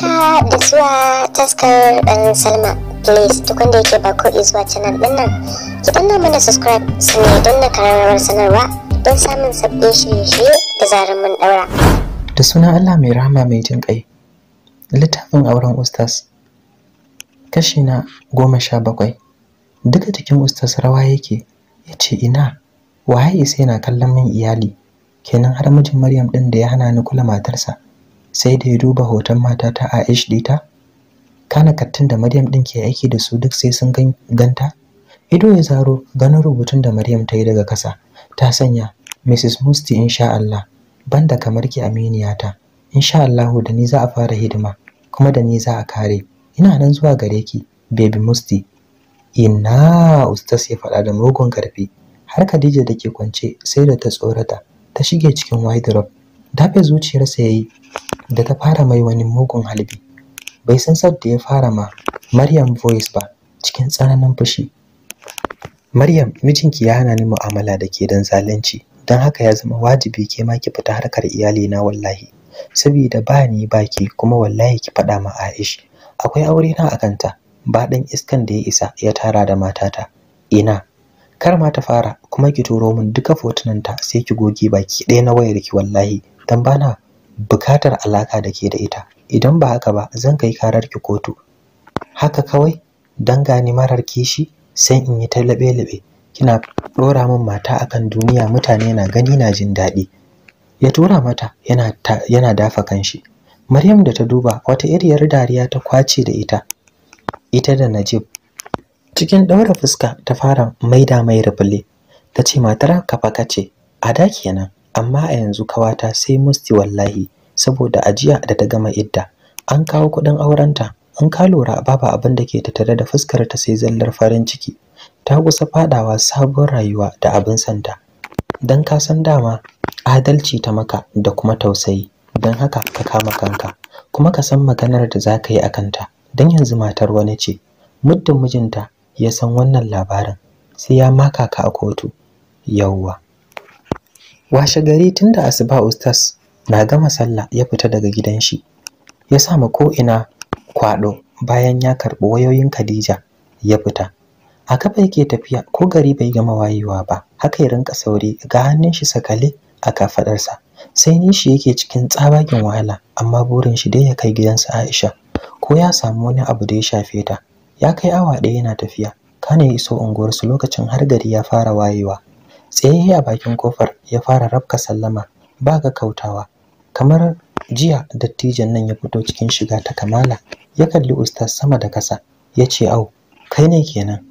haka da zuwa taskar dan salma please duk wanda yake ba ko zuwa canal din nan ki danna mana subscribe su ne don na kararrawar sanarwa don samun sabbin shirye-shirye da zarar mun daura da suna allah mai rahama mai jin kai littafin auren ustas kashi na goma sha bakwai duka jikin ustas rawa yake ya ce ina waye sai na kallon min iyali kenan har mijin maryam ɗin da ya hana ni kula matarsa sai da ya duba hoton matata Aish dita kana kattun da Maryam din ke aiki da su duk sai sun ganta ido ya zaro ganin rubutun da Maryam ta yi daga kasa ta sanya Mrs Musti insha Allah banda kamar ki aminiya ta, insha Allah da ni za a fara hidima kuma da ni za a kare ina nan zuwa gare ki baby Musti ina ustas ya faɗa da mugun karfi har Khadija da ke kwance sai da ta tsorata ta shige cikin wide dafe zuciyarsa yayi da ta fara mai wani mugun halbi bai san da ya fara ma Maryam voice ba cikin tsananin fushi Maryam mijinki ya hana ni mu'amala da ke dan zalunci don haka ya zama wajibi ke ma ki fita harkar iyali na wallahi saboda ba ni baki kuma wallahi ki faɗa ma Aisha akwai aure na akan ta ba ɗan iskan da ya isa ya tara da matata ina kar ma ta fara kuma ki turo min duka fotunanta sai ki goge baki ɗaya na wayarki wallahi dan bana bukatar alaƙa da ke da ita idan ba haka ba zan kai karar ki kotu haka kawai dan gani marar kishi sai in yi ta laɓe-laɓe kina ɗora min mata akan duniya mutane na gani na jin daɗi ya tura mata yana, yana dafa kanshi maryam da ta duba wata iriyar dariya ta kwace da ita ita da najib cikin ɗaura fuska ta fara maida mai rufule ta ce matar kafa kace a da kenan amma a yanzu kawata sai musti wallahi saboda ajiya da ta gama idda an kawo kuɗin aurenta an ka lura babu abin da ke tattare da fuskar ta sai zallar farin ciki ta kusa fadawa sabon rayuwa da abin santa dan ka san dama adalci ta maka da kuma tausayi dan haka ka kama kanka kuma ka san maganar da za ka yi a kanta dan yanzu matar wani ce muddin mijinta ya san wannan labarin sai ya maka ka a kotu yauwa washe gari tun da asuba Ustaz na gama sallah ya fita daga gidan shi ya samu ko ina kwado bayan ya karɓi wayoyin Khadija ya fita a kafa yake tafiya ko gari bai gama wayewa ba haka ya rinka sauri ga hannun shi sakale a kafadarsa sai ni shi yake cikin tsabagen wahala amma burin shi dai ya kai gidansa Aisha ko ya samu wani abu da ya shafe ta ya kai awa ɗaya yana tafiya kana ya iso unguwarsu lokacin har gari ya fara wayewa tsaye a bakin kofar ya fara rafka sallama ba ga kautawa kamar jiya dattijan nan ya fito cikin shiga ta kamala ya kalli ustaz sama da kasa ya ce au kai ne kenan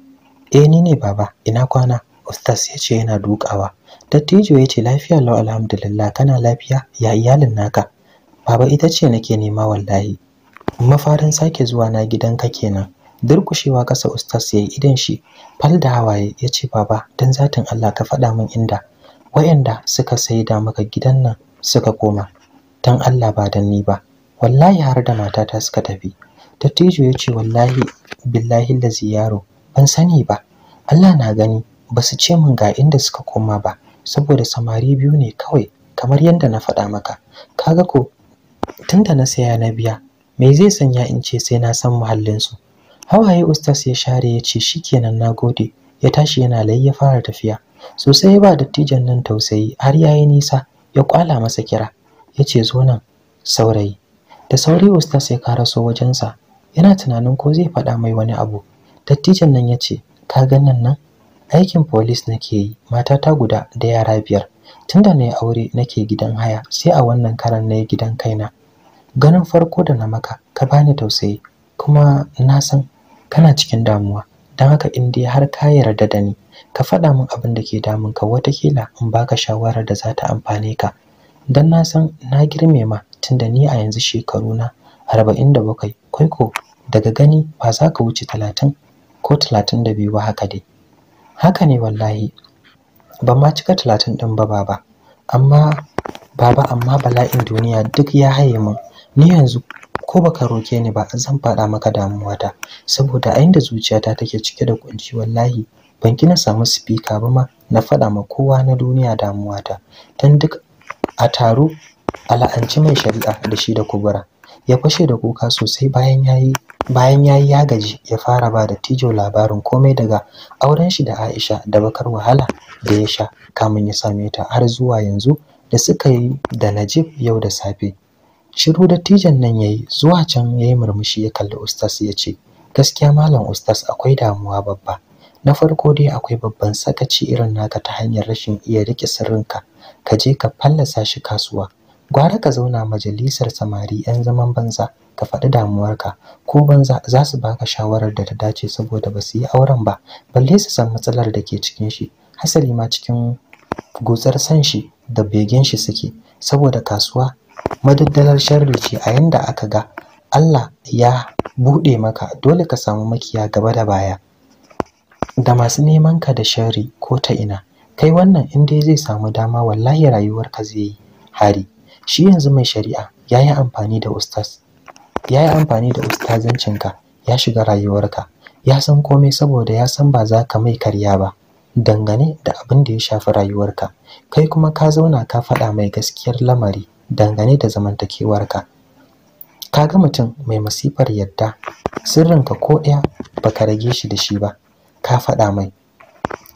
eh ni ne baba ina kwana ustaz ya ce yana dukawa dattijo ya ce lafiya lau alhamdulillah kana lafiya ya iyalin naka baba ita ce nake nema wallahi mafarin sake zuwa na gidanka kenan durkushewa ƙasa ustaz yayi idan shi fal da hawaye ya ce baba dan zatin Allah ka faɗa min inda wayanda suka saida maka gidan nan suka koma dan Allah ba dan ni ba wallahi har da matata suka tafi dattijo ya ce wallahi billahi lazi yaro ban sani ba Allah na gani ba su ce min ga inda suka koma ba saboda samari biyu ne kawai kamar yadda na faɗa maka kaga ko tunda na saya na biya me zai sanya in ce sai na san muhallinsu hawaye ustas ya share ya ce shikenan nagode ya tashi yana lai ya fara tafiya sosai ya ba dattijan nan tausayi har yayi nisa ya kwala masa kira ya ce zo nan saurayi da sauri ustas ya karaso wajensa yana tunanin ko zai faɗa mai wani abu dattijan nan ya ce ka ga nan nan aikin polis nake yi matata guda da yara biyar tunda na yi aure nake gidan haya sai a wannan karan na yi gidan kaina ganin farko da na maka ka bani tausayi kuma na san kana cikin damuwa don haka in dai har ka yarda da ni ka faɗa min abin da ke damun ka watakila in baka shawarar da za ta amfane ka don na san na girme ma tunda ni a yanzu shekaru na arba'in da bakwai kai ko daga gani ba za ka wuce talatin ko talatin da biyu ba haka dai haka ne wallahi ba ma cika talatin ɗin ba baba amma baba amma bala'in duniya duk ya haye min ni yanzu ko baka roke ni ba zan faɗa maka damuwata saboda a inda zuciyata take cike da kunci wallahi ban kina samu speaker ba ma na faɗa ma kowa na duniya damuwata dan duk a taro a la'anci mai shari'a da shi da kubura ya fashe da kuka sosai bayan yayi bayan yayi ya gaji ya fara ba da tijo labarin komai daga auren shi da Aisha da bakar wahala da ya sha kamun ya same ta har zuwa yanzu da suka yi da Najib yau da safe shiru dattijan nan yayi zuwa can yayi murmushi ya kalli ustas ya ce gaskiya malam ustas akwai damuwa babba na farko dai akwai babban sakaci irin naka ta hanyar rashin iya riƙe sirrinka ka je ka fallasa shi kasuwa gwara ka zauna majalisar samari yan zaman banza ka faɗi damuwarka ko banza za su baka shawarar da ta dace saboda ba su yi auren ba balle su san matsalar da ke cikin shi hasali ma cikin gutsar san shi da begen shi suke saboda kasuwa madaddalar sharri ce a yanda aka ga Allah ya buɗe maka dole ka samu makiya gaba da baya da masu neman ka da sharri ko ta ina kai wannan in dai zai samu dama wallahi rayuwar ka zai yi hari shi yanzu mai shari'a yayi amfani da ustaz yayi amfani da ka ya shiga rayuwarka ya san komai saboda ya san ba za ka mai karya ba dangane da abin da ya shafi rayuwarka kai kuma ka zauna ka faɗa mai gaskiyar lamari dangane da zamantakewarka ka ga mutum mai masifar yadda Sirrin ka ko ɗaya baka rage shi da shi ba ka faɗa mai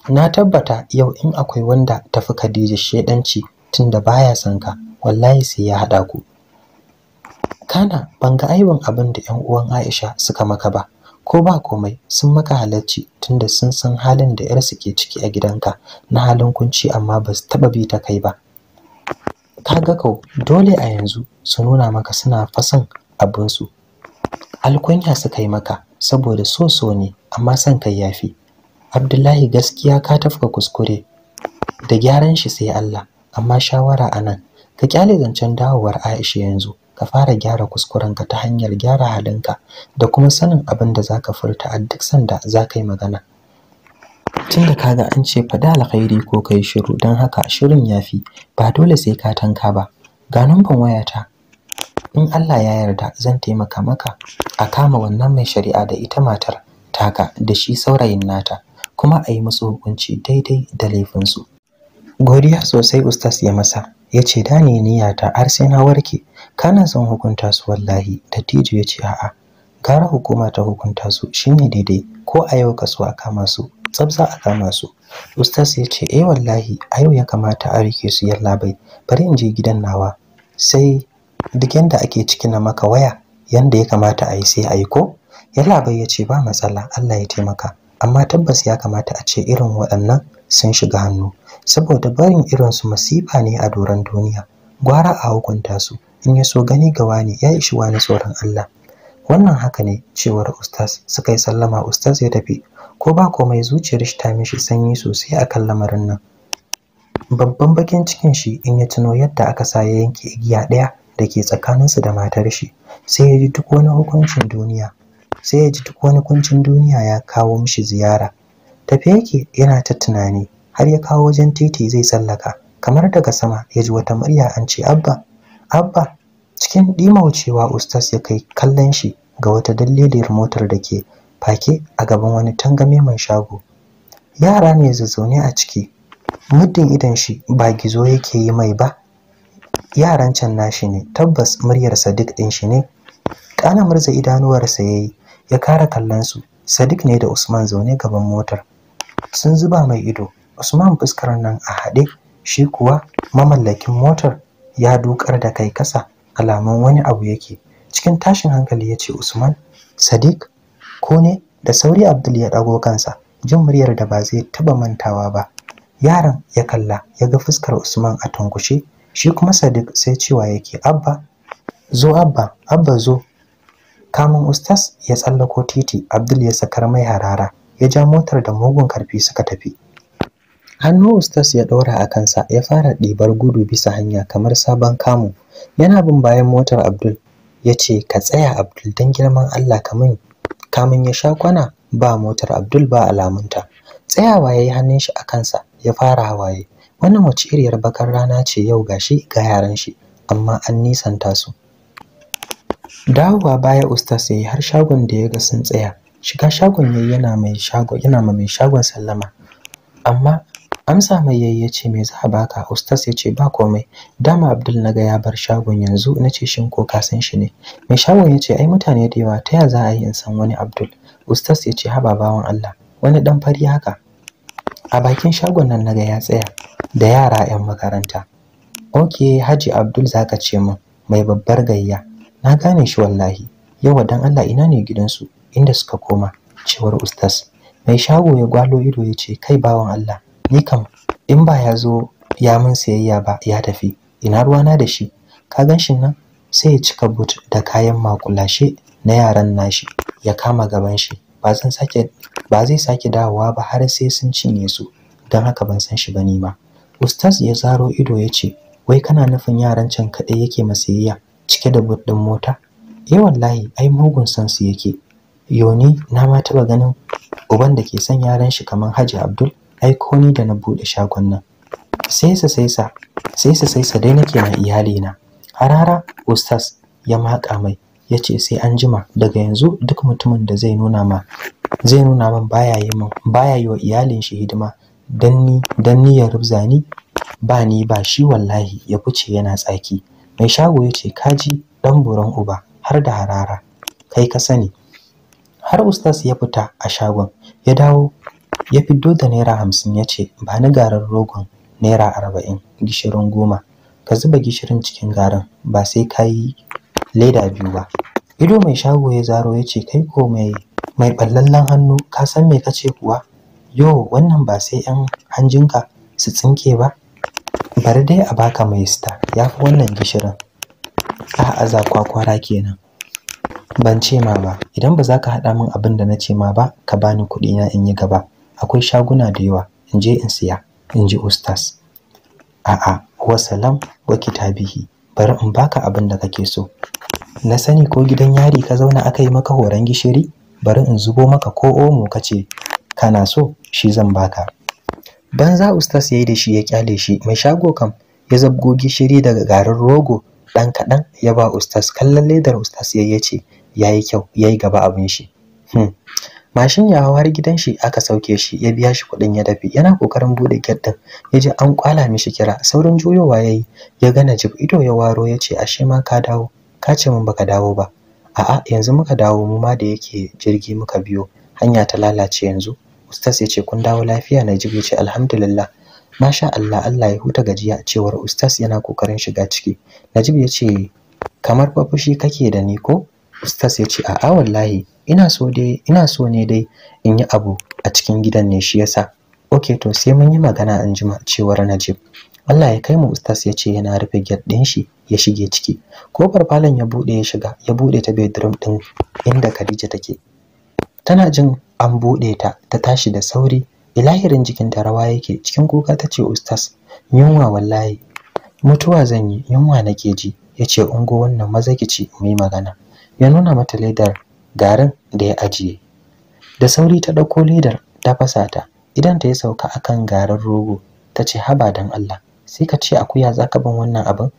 na tabbata yau in akwai wanda tafi Khadija shedanci tunda baya son ka wallahi sai ya haɗa ku kana ban ga aibin abin da 'yan uwan Aisha suka maka ba ko ba komai sun maka halarci da sun san halin da 'yarsu ke ciki a gidanka na halin kunci amma ba su taɓa bi ta kai ba Ka ga kau dole a yanzu su nuna maka suna fasan abinsu alkunya suka yi maka saboda so so ne amma son kai yafi abdullahi gaskiya ka tafka kuskure da gyaran shi sai allah amma shawara a nan ka kyale zancen dawowar aisha yanzu ka fara gyara kuskurenka ta hanyar gyara halinka da kuma sanin abin da zaka furta a duk sanda za ka yi magana tunda kaga an ce fada alkhairi ko kai shiru don haka shirin yafi ba dole sai ka tanka ba ga numban wayata in Allah ya yarda zan taimaka maka a kama wannan mai shari'a da ita matar taka da shi saurayin nata kuma a yi musu hukunci daidai da laifinsu godiya sosai ustas ya masa ya ce da ne niyata har sai na warke kana son hukunta su wallahi dattijo ya ce a'a gara hukuma ta hukunta su shine daidai ko a yau ka so a kama su tsabza a kama su ustaz ya ce eh wallahi a yau ya kamata a rike su yallabai bari in je gidan nawa sai duk yanda ake ciki na maka waya yanda ya kamata a yi sai a yi ko yallabai ya ce ba matsala Allah ya taimaka amma tabbas ya kamata a ce irin waɗannan sun shiga hannu saboda barin irin su masifa ne a doron duniya gwara a hukunta su in ya so gani ga wani ya ishi wani tsoron Allah wannan haka ne cewar ustaz suka yi sallama ustaz ya tafi ko ba komai zuciyar shi ta mishi sanyi sosai a kan lamarin nan babban bakin cikin shi in ya tuno yadda aka sa ya yanke igiya ɗaya da ke tsakaninsu da matar shi sai ya ji duk wani hukuncin duniya sai ya ji duk wani kuncin duniya ya kawo mishi ziyara tafe yake yana ta tunani har ya kawo wajen titi zai tsallaka kamar daga sama ya ji wata murya an ce abba abba cikin ɗimaucewa ustas ya kai kallon shi ga wata daliliyar motar da ke fake a gaban wani tangame mai shago yara ne zazzaune a ciki muddin idan shi ba gizo yake yi mai ba yaran can nashi ne tabbas muryar sadiq din shi ne kana murza idanuwarsa yayi ya kara kallon su sadiq ne da usman zaune gaban motar sun zuba mai ido usman fuskar nan a haɗe shi kuwa mamallakin motar ya dukar da kai kasa alamun wani abu yake cikin tashin hankali ya ce usman sadiq ko ne da sauri abdul ya ɗago kansa jin muryar da ba zai taba mantawa ba yaron ya kalla ya ga fuskar usman a tunkushe shi kuma sadiq sai cewa yake abba zo abba abba zo kamun ustas ya tsallako titi abdul ya sakar mai harara ya ja motar da mugun karfi suka tafi hannu ustas ya ɗora a kansa ya fara ɗibar gudu bisa hanya kamar sabon kamu yana bin bayan motar abdul ya ce ka tsaya abdul don girman allah kamun kamin ya sha kwana ba motar abdul ba alamunta tsayawa ya yi hannun shi a kansa ya fara hawaye wannan wace iriyar bakar rana ce yau ga shi, ga yaran shi amma an nisanta su dawowa baya ustas ya har shagon da ya ga sun tsaya shiga shagon ya yana yana ma mai shagon sallama amma amsa mai yayi ce me za a baka ustaz ce ba komai dama abdul na ga ya bar shagon yanzu na ce shin ko ka san shi ne mai shagon ya ce ai mutane da yawa ta ya za a yi in san wani abdul ustaz ce haba bawan Allah wani dan fari haka a bakin shagon nan na ga ya tsaya da yara yan makaranta Ok haji abdul za ka ce min mai babbar gayya na gane shi wallahi yawa dan Allah ina ne gidansu inda suka koma cewar Ustas. mai shago ya gwalo ido ya ce kai bawan Allah ni kam in ba ya zo ya min sayayya ba ya tafi ina ruwana da shi ka gan shi nan sai ya cika but da kayan makulashe na yaran nashi ya kama gaban shi ba zan sake ba zai sake dawowa ba har sai sun cinye su don haka ban san shi ba ni ma ustaz ya zaro ido ya ce wai kana nufin yaran can kaɗai yake masayayya cike da but ɗin mota eh wallahi ai mugun san su yake yoni na ma taɓa ganin uban da ke son yaran shi kamar Hajji Abdul Aiko ni da na buɗe shagon nan sai sa sai sa sai sa dai nake na iyali na harara Ustas ya maka mai ya ce sai an jima daga yanzu duk mutumin da zai nuna ma zai nuna min baya yi min baya yi wa iyalin shi hidima dan ni dan ni ya rubza ni ba ni ba shi wallahi ya fice yana tsaki mai shago ya ce kaji dan buran uba har da harara kai ka sani har ustas ya fita a shagon ya dawo ya fiddo da naira hamsin ya ce ba ni garin rogon naira arba'in gishirin goma ka zuba gishirin cikin garin ba sai ka yi leda biyu ba ido mai shago ya zaro ya ce kai ko mai mai hannu ka san me ka ce kuwa yo wannan ba sai yan hanjinka su tsinke ba bari dai a baka mai star ya fi wannan gishirin a aza kwakwara kenan ban ce ma ba idan ba za ka haɗa min abin da na ce ma ba ka bani kuɗi na in yi gaba akwai shaguna da yawa in je in siya in ji ustas a'a wasalam wa kitabihi bari in baka abin da kake so na sani ko gidan yari ka zauna aka yi maka horon gishiri bari in zubo maka ko omo ka ce kana so shi zan baka banza ustas ya yi da shi ya kyale shi mai shago kam ya zabgo gishiri daga garin rogo ɗan kaɗan ya ba ustas kallon ledar ustas ya ce ya yi kyau ya yi gaba abin shi hmm. mashin ya hau gidan shi aka sauke shi ya biya shi kuɗin ya dafi yana kokarin bude gate din ya ji an kwala mishi kira saurin juyowa yayi ya gana jib ido ya waro ya ce ashe ma ka dawo ka ce mun baka dawo ba a'a yanzu muka dawo mu ma da yake jirgi muka biyo hanya ta lalace yanzu ustas ya ce kun dawo lafiya najib ya ce alhamdulillah masha Allah Allah ya huta gajiya cewar ustas yana kokarin shiga ciki najib ya ce kamar fa fushi kake da ni ko ustas ya ce a'a wallahi ina so dai ina so ne dai in yi abu a cikin gidan ne shi yasa okay to sai mun yi magana an jima cewar Najib Allah ya kai mu ustaz ya ce yana rufe gate din shi ya shige ciki ko farfalan ya bude ya shiga ya bude ta bedroom din inda Khadija take tana jin an bude ta ta tashi da sauri ilahirin jikin ta rawa yake cikin kuka ta ce ustaz yunwa wallahi mutuwa zan yi yunwa nake ji Yace ungo wannan maza kici mai yi magana ya nuna mata ledar garin da ya ajiye da sauri ta ɗauko ledar ta fasa ta idan ta ya sauka akan garin rogo ta ce haba dan Allah sai ka ce akuya za ka bin wannan abin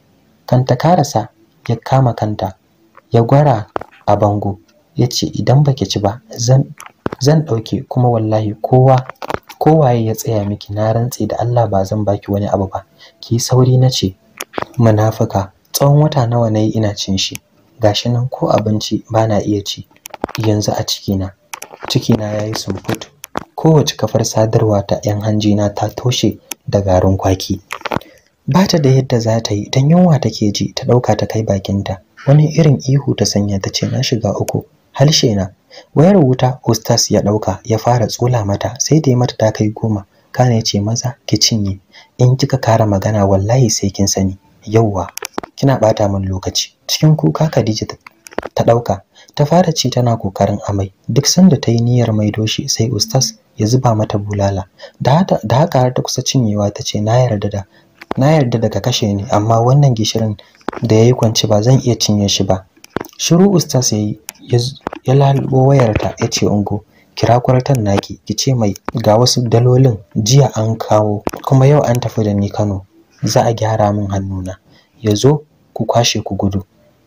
kanta karasa ya kama kanta ya gwara a bango ya ce idan baki ci ba zan ɗauke kuma wallahi kowa kowaye ya tsaya miki na rantse da Allah ba zan baki wani abu ba ki sauri na ce munafuka tsawon wata nawa nayi ina cin shi gashi nan ko abinci bana iya ci yanzu a cikina cikina ya yi sumfut kowace kafar sadarwa ta 'yan hanjina ta toshe da garin kwaki ba ta da yadda za ta yi don yunwa take ji ta ɗauka ta kai bakinta wani irin ihu ta sanya ta ce na shiga uku halshena na wayar wuta ostas ya ɗauka ya fara tsula mata sai dai mata ta kai goma kana ya ce maza ki cinye in kika kara magana wallahi sai kin sani yauwa kina bata min lokaci cikin kuka khadija ta ɗauka ta fara ci tana kokarin amai duk sanda ta yi niyyar mai doshi, sai ustas ya zuba mata bulala da haka har ta kusa cinyewa ta ce na yarda da na yarda da ka kashe ni amma wannan gishirin da ya yi kwance ba zan iya cinye shi ba shiru ustas ya yi ya lalubo wayarta ya ce ungo kira kwartan naki ki ce mai ga wasu dalolin jiya an kawo kuma yau an tafi da ni kano za a gyara min hannuna ya zo ku kwashe ku gudu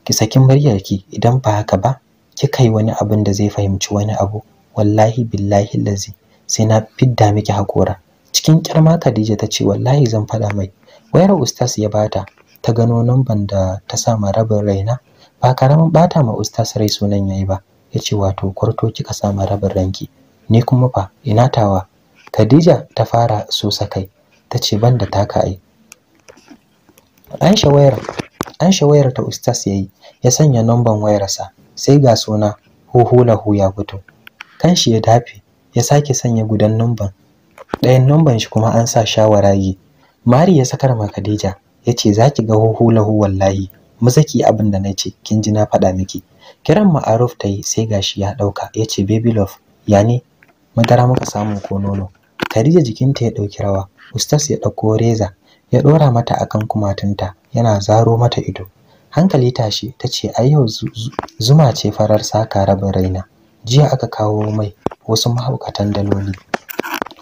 ki saki muryarki idan ba haka ba kika yi wani abin da zai fahimci wani abu wallahi billahi lazi sai na fidda miki hakora cikin kyarma Khadija ta ce wallahi zan faɗa mai wayar ustaz ya bata ta gano namban da ta sa ma rabin raina ba karamin bata ma ustaz rai sunan yayi ba yace wato kwarto kika sa ma rabin ranki ni kuma fa ina tawa Khadija ta fara so sakai ta ce ban da taka ai an shawayar an shawayar ta ustaz yayi ya sanya namban wayarsa sai ga suna hoho ya fito kanshi ya dafe ya sake sanya gudan numban ɗayan numban shi kuma an sa shawarayi mari ya sakar ma khadija ya ce za ki ga hoho lahu wallahi mazaki abin da na ce kin ji na faɗa miki kiran ma'aruf ta yi sai gashi ya ɗauka yace ce baby love ya ne madara muka samu ko nono khadija jikinta ya ɗauki rawa ustas ya ɗauko reza ya ɗora mata akan kumatunta yana zaro mata ido hankali tashi ta ce a yau zuma ce farar saka rabin raina jiya aka kawo mai wasu mahaukatan daloli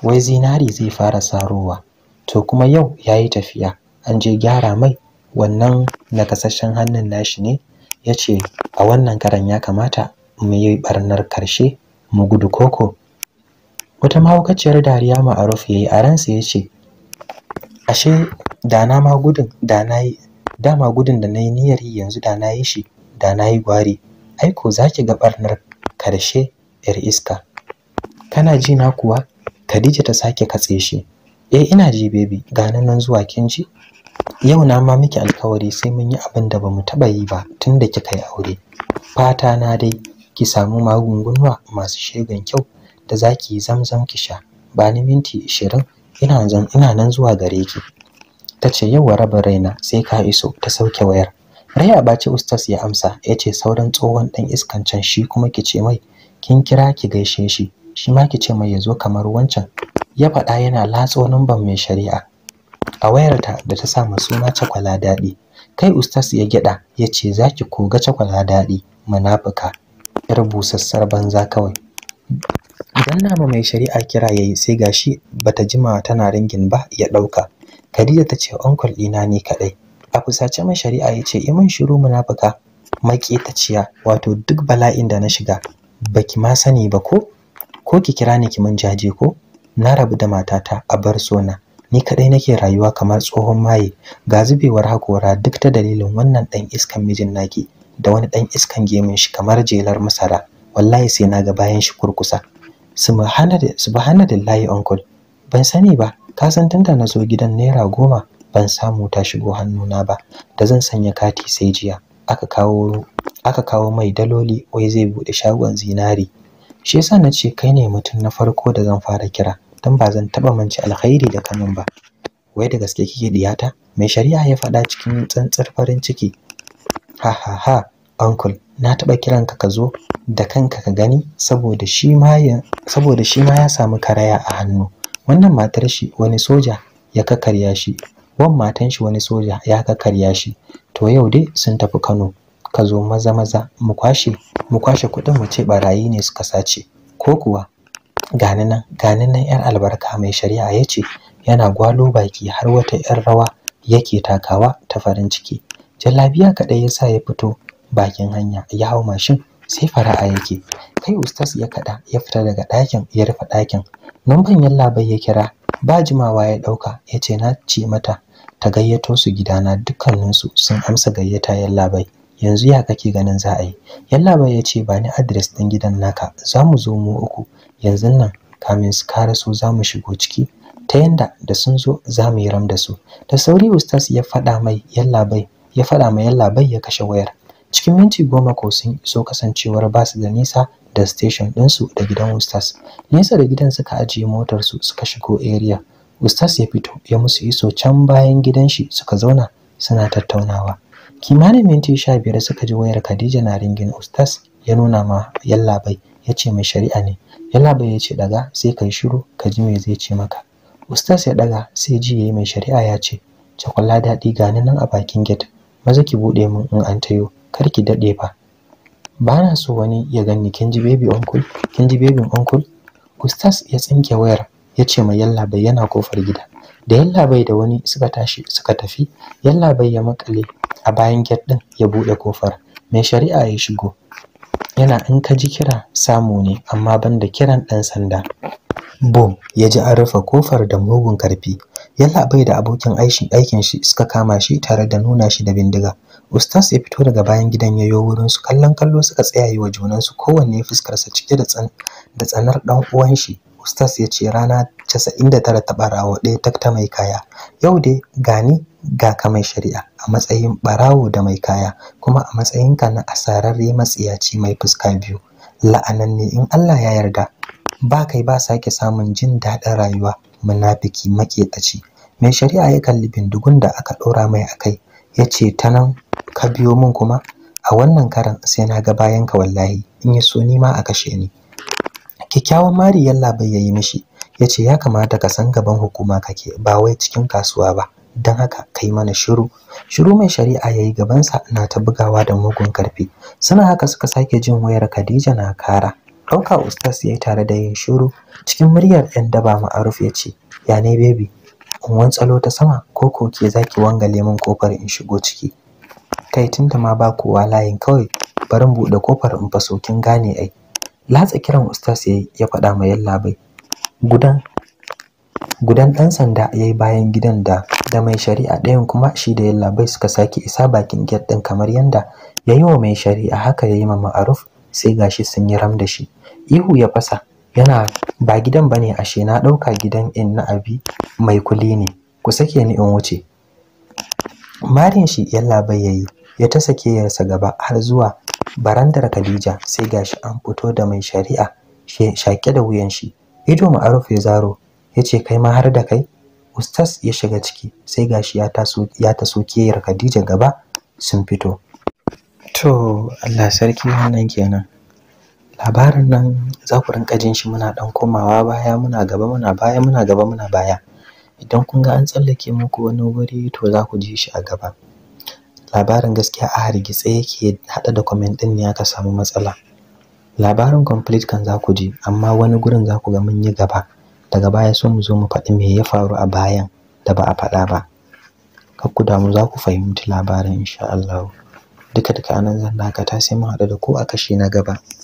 wai zinari zai fara sarowa to kuma yau ya yi tafiya an je gyara mai wannan nakasashen hannun nashi ne ya ce a wannan karan ya kamata mu yi barnar karshe mu gudu koko wata mahaukaciyar dariya ma'aruf ya yi a ransa ya ce ashe da na ma gudun da na yi dama gudun da na yi niyyar yi yanzu da na yi shi da na yi gwari ai ko za ki ga ɓarnar karshe yar iska kana ji na kuwa khadija ta sake katse shi eh ina ji bebi. ga nan zuwa kin ji yau na ma miki alkawari sai mun yi abin da bamu taba yi ba tun da kika yi aure fata na dai ki samu magungunwa masu shegan kyau da zaki yi zamzam ki sha ba ni minti 20 ina nan zuwa gare ki ta ce yawa raba raina sai ka iso ta sauke wayar raya ce ustas ya amsa ya ce sauran tsohon ɗan iskan can shi kuma ki ce mai kin kira ki gaishe shi shi ma ki ce mai ya zo kamar wancan ya faɗa yana latso numban mai shari'a a wayarta da ta sa suna cakwala daɗi kai ustas ya gyaɗa ya ce za ki koga cakwala daɗi munafuka yar busassar banza kawai idan nama mai shari'a kira yayi sai gashi bata jima tana ringin ba ya ɗauka Khadija ta ce uncle ɗina ne kaɗai. A fusace mai shari'a ya ce imin shiru munafuka maƙetaciya wato duk bala'in da na shiga baki ma sani ba ko ko ki kira ni ki mun jaje ko na rabu da matata a bar sona ni kadai nake rayuwa kamar tsohon maye ga zubewar hakora duk ta dalilin wannan dan iskan mijin naki da wani ɗan iskan gemin shi kamar jelar masara wallahi sai na ga bayan shi kurkusa subhanallahi subhanallahi uncle ban sani ba ka san tunda na zo gidan naira goma ban samu ta shigo hannuna ba da zan sanya kati sai jiya aka kawo aka kawo mai daloli wai zai buɗe shagon zinari shi yasa na ce kai ne mutum na farko da zan fara kira don ba zan taɓa mance alkhairi da kamin ba wai da gaske kike diyata mai shari'a ya faɗa cikin tsantsar farin ciki ha ha ha uncle na taɓa kiranka ka zo da kanka ka gani saboda shi ma ya saboda shi ma ya samu karaya a hannu wannan matar shi wani soja ya kakarya shi wan matan shi wani soja ya kakarya shi to yau dai sun tafi Kano ka zo maza maza mu kwashe mu kwashe kuɗin mu ce barayi ne suka sace ko kuwa gani nan gani nan yar albarka mai shari'a ya ce yana gwalo baki har wata yar rawa yake takawa ta farin ciki jallabiya kaɗai ya sa ya fito bakin hanya ya hau mashin sai fara'a yake kai ustas ya kaɗa ya fita daga ɗakin ya rufe ɗakin Numban yallaɓai ya kira, ba jimawa ya ɗauka ya ce na ce mata ta gayyato su gidana dukkaninsu sun amsa gayyata yallaɓai. Yanzu ya kake ganin za a yi? Yallaɓai ya ce ba ni adres ɗin gidan naka za mu zo mu uku yanzu nan kamin su su za mu shigo ciki ta yanda da sun zo za mu yi ram da su. Da sauri Ustaz ya faɗa mai yallaɓai ya faɗa ma yallaɓai ya kashe wayar. cikin minti goma ko sun iso kasancewar bas da nisa da station ɗinsu da gidan ustas nesa da gidan suka ajiye motarsu suka shigo area ustas ya fito ya musu iso can bayan gidan shi suka zauna suna tattaunawa kimanin minti sha biyar suka ji wayar khadija na ringin ustas ya nuna ma yallabai ya ce mai shari'a ne yallabai ya ce daga sai kai shiru ka ji me zai ce maka ustas ya daga sai ji yayi mai shari'a ya ce cakwalla daɗi gani nan a bakin gate maza ki buɗe min in an tayo kar ki daɗe fa ba na so wani ya ganni kin ji baby uncle kin ji baby uncle ustas ya tsinke wayar ya ce ma yallabai yana kofar gida da yallabai da wani suka tashi suka tafi yallabai ya makale a bayan gate din ya bude kofar mai shari'a ya shigo yana in ka ji kira samu ne amma banda kiran ɗan sanda Bo ya ji an rufe kofar da mugun karfi yallabai da abokin aikin shi suka kama shi tare da nuna shi da bindiga Ustaz ya fito daga bayan gidan yayo wurin su kallon kallo suka tsaya yi wa junan su kowanne fuskar sa cike da tsan da tsanar dan uwan shi. Ustaz ya ce rana 99 ta barawo ɗaya takta mai kaya. Yau dai gani ga ka mai shari'a a matsayin barawo da mai kaya kuma a matsayinka na asararre matsiyaci mai fuska biyu. La'ananne in Allah ya yarda ba kai ba sake samun jin daɗin rayuwa munafiki maƙetaci. Mai shari'a ya kalli bindigun da aka ɗora mai a kai ya ce ta nan ka biyo min kuma a wannan karan sai na ga bayan ka wallahi in yi so ni ma a kashe ni kikkiawan mari yalla bai yayi mishi yace ya kamata ka san gaban hukuma kake ba wai cikin kasuwa ba don haka kai mana shiru shiru mai shari'a yayi gabansa na ta bugawa da mugun karfi suna haka suka sake jin wayar Khadija na kara ɗauka ustas yayi tare da yin shiru cikin muryar 'yan daba ma'aruf ya ce ya ne baby in tsalo ta sama ko koke ke zaki wanga min kofar in shigo ciki kai tunda ma ba kowa layin kawai bari mu buɗe kofar in faso kin gane ai latsa kiran ustaz yayi ya faɗa ma bai gudan gudan ɗan sanda yayi bayan gidan da da mai shari'a ɗayan kuma shi da yallabai suka sake isa bakin gate ɗin kamar yanda yayi wa mai shari'a haka yayi ma ma'aruf sai gashi sun yi ram da shi ihu ya fasa yana ba gidan bane ashe na ɗauka gidan in na abi mai kuli ne ku sake ni in wuce marin shi yallaɓai ya yi ya ta yarsa gaba har zuwa barandar khadija sai gashi an fito da mai shari'a shake da wuyan shi ido ma'aruf ya zaro ya ce kai ma har da kai ustas ya shiga ciki sai gashi ya taso ya taso keyar khadija gaba sun fito to allah sarki wannan kenan labarin nan za ku rinka jin shi muna dan komawa baya muna gaba muna baya muna gaba muna baya Idan kun ga an tsallake muku wani wuri to za ku ji shi a gaba. Labarin gaskiya a hargitse yake hada da comment ɗin ne aka samu matsala. Labarin complete kan za ku ji amma wani gurin za ku ga mun yi gaba daga baya so mu zo mu faɗi me ya faru a bayan da ba a faɗa ba. Kar ku damu za ku fahimci labarin insha Allah. Duka duka anan zan dakata sai mun hada da ku a kashi na gaba.